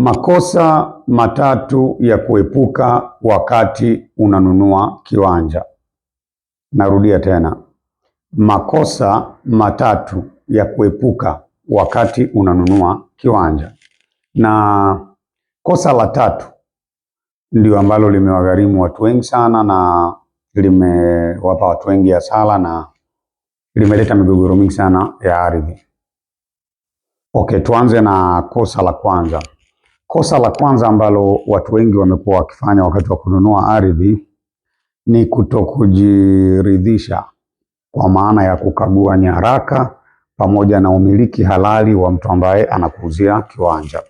Makosa matatu ya kuepuka wakati unanunua kiwanja. Narudia tena. Makosa matatu ya kuepuka wakati unanunua kiwanja. Na kosa la tatu ndio ambalo limewagharimu watu wengi sana na limewapa watu wengi hasara na limeleta migogoro mingi sana ya ardhi. Okay, tuanze na kosa la kwanza. Kosa la kwanza ambalo watu wengi wamekuwa wakifanya wakati wa kununua ardhi ni kutokujiridhisha kwa maana ya kukagua nyaraka pamoja na umiliki halali wa mtu ambaye anakuuzia kiwanja.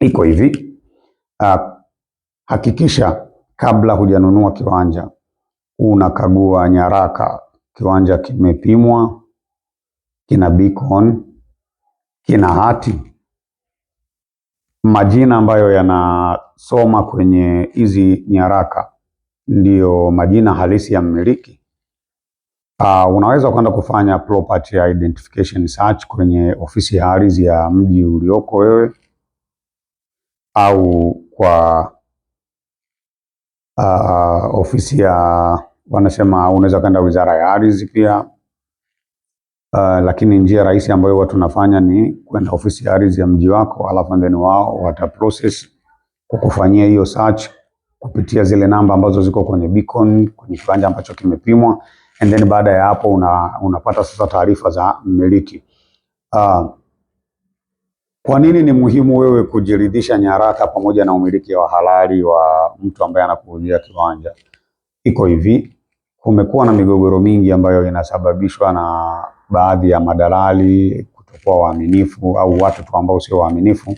Iko hivi, uh, hakikisha kabla hujanunua kiwanja unakagua nyaraka. Kiwanja kimepimwa, kina beacon, kina hati majina ambayo yanasoma kwenye hizi nyaraka ndiyo majina halisi ya mmiliki. Uh, unaweza kwenda kufanya property identification search kwenye ofisi ya ardhi ya mji ulioko wewe au kwa uh, ofisi ya wanasema, unaweza kwenda wizara ya ardhi pia Uh, lakini njia rahisi ambayo watu tunafanya ni kwenda ofisi ya ardhi ya mji wako, alafu then wao wata process kukufanyia hiyo search kupitia zile namba ambazo ziko kwenye beacon, kwenye kiwanja ambacho kimepimwa and then baada ya hapo una, unapata sasa taarifa za mmiliki. Uh, kwa nini ni muhimu wewe kujiridhisha nyaraka pamoja na umiliki wa halali wa mtu ambaye anakuuzia kiwanja? Iko hivi, kumekuwa na migogoro mingi ambayo inasababishwa na baadhi ya madalali kutokuwa waaminifu au watu tu ambao sio waaminifu.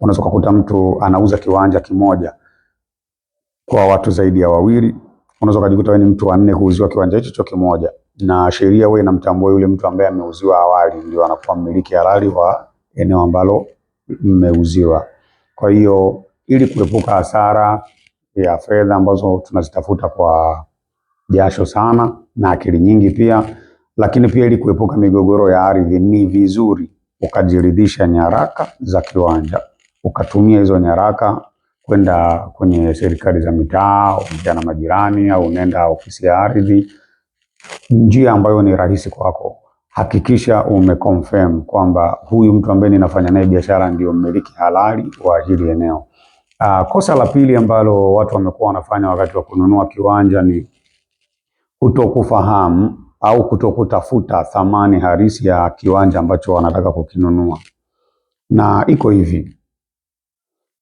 Unaweza kukuta mtu anauza kiwanja kimoja kwa watu zaidi ya wawili, unaweza kujikuta wewe ni mtu wa nne kuuziwa kiwanja hicho kimoja, na sheria wewe inamtambua yule mtu ambaye ameuziwa awali ndio anakuwa mmiliki halali wa eneo ambalo mmeuziwa. Kwa hiyo ili kuepuka hasara ya fedha ambazo tunazitafuta kwa jasho sana na akili nyingi pia lakini pia ili kuepuka migogoro ya ardhi, ni vizuri ukajiridhisha nyaraka za kiwanja, ukatumia hizo nyaraka kwenda kwenye serikali za mitaa, unaongea na majirani au unaenda ofisi ya ardhi, njia ambayo ni rahisi kwako. Hakikisha umeconfirm kwamba huyu mtu ambaye ninafanya naye biashara ndio mmiliki halali wa hili eneo. Uh, kosa la pili ambalo watu wamekuwa wanafanya wakati wa kununua kiwanja ni kutokufahamu au kutokutafuta thamani halisi ya kiwanja ambacho wanataka kukinunua. Na iko hivi,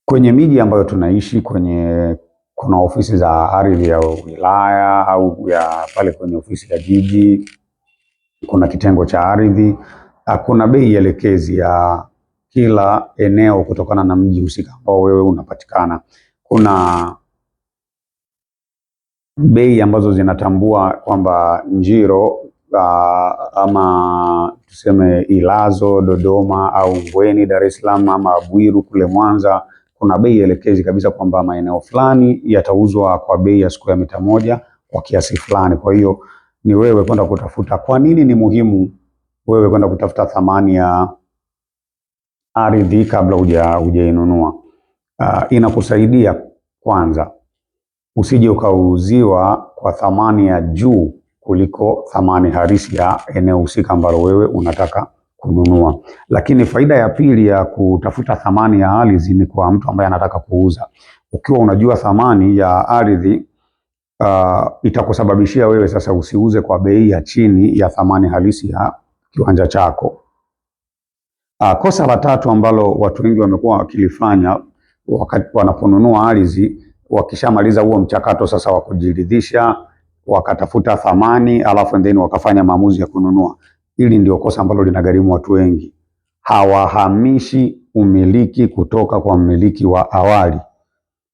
kwenye miji ambayo tunaishi kwenye kuna ofisi za ardhi ya wilaya au ya pale kwenye ofisi ya jiji, kuna kitengo cha ardhi, kuna bei elekezi ya kila eneo kutokana na mji husika ambao wewe unapatikana. Kuna bei ambazo zinatambua kwamba Njiro uh, ama tuseme Ilazo Dodoma au Ngweni Dar es Salaam ama Bwiru kule Mwanza, kuna bei elekezi kabisa kwamba maeneo fulani yatauzwa kwa bei ya siku ya mita moja kwa kiasi fulani. Kwa hiyo ni wewe kwenda kutafuta. Kwa nini ni muhimu wewe kwenda kutafuta thamani ya ardhi kabla hujainunua? Ah, inakusaidia kwanza usije ukauziwa kwa thamani ya juu kuliko thamani halisi ya eneo husika ambalo wewe unataka kununua. Lakini faida ya pili ya kutafuta thamani ya ardhi ni kwa mtu ambaye anataka kuuza. Ukiwa unajua thamani ya ardhi uh, itakusababishia wewe sasa usiuze kwa bei ya chini ya thamani halisi ya kiwanja chako. Uh, kosa la tatu ambalo watu wengi wamekuwa wakilifanya wakati wanaponunua ardhi wakishamaliza huo mchakato sasa wa kujiridhisha, wakatafuta thamani, alafu then wakafanya maamuzi ya kununua. Hili ndio kosa ambalo linagharimu watu wengi. Hawahamishi umiliki kutoka kwa mmiliki wa awali.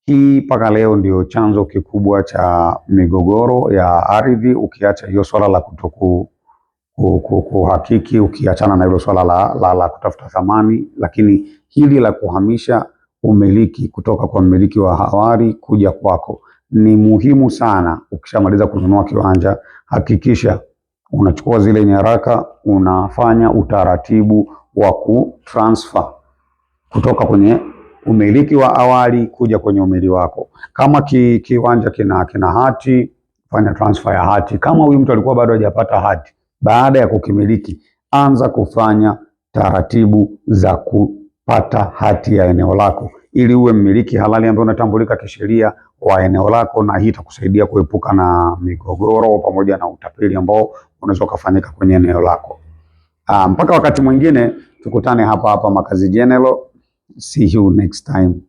Hii mpaka leo ndio chanzo kikubwa cha migogoro ya ardhi, ukiacha hiyo swala la kutoku kuhakiki, ukiachana na hilo swala la, la, la kutafuta thamani, lakini hili la kuhamisha umiliki kutoka kwa mmiliki wa awali kuja kwako. Ni muhimu sana, ukishamaliza kununua kiwanja, hakikisha unachukua zile nyaraka, unafanya utaratibu wa kutransfer kutoka kwenye umiliki wa awali kuja kwenye umiliki wako. Kama ki, kiwanja kina, kina hati, fanya transfer ya hati. Kama huyu mtu alikuwa bado hajapata hati, baada ya kukimiliki, anza kufanya taratibu za ku pata hati ya eneo lako ili uwe mmiliki halali ambaye unatambulika kisheria wa eneo lako, na hii itakusaidia kuepuka na migogoro pamoja na utapeli ambao unaweza ukafanyika kwenye eneo lako. Ah, mpaka wakati mwingine tukutane hapa hapa Makazi General. See you next time.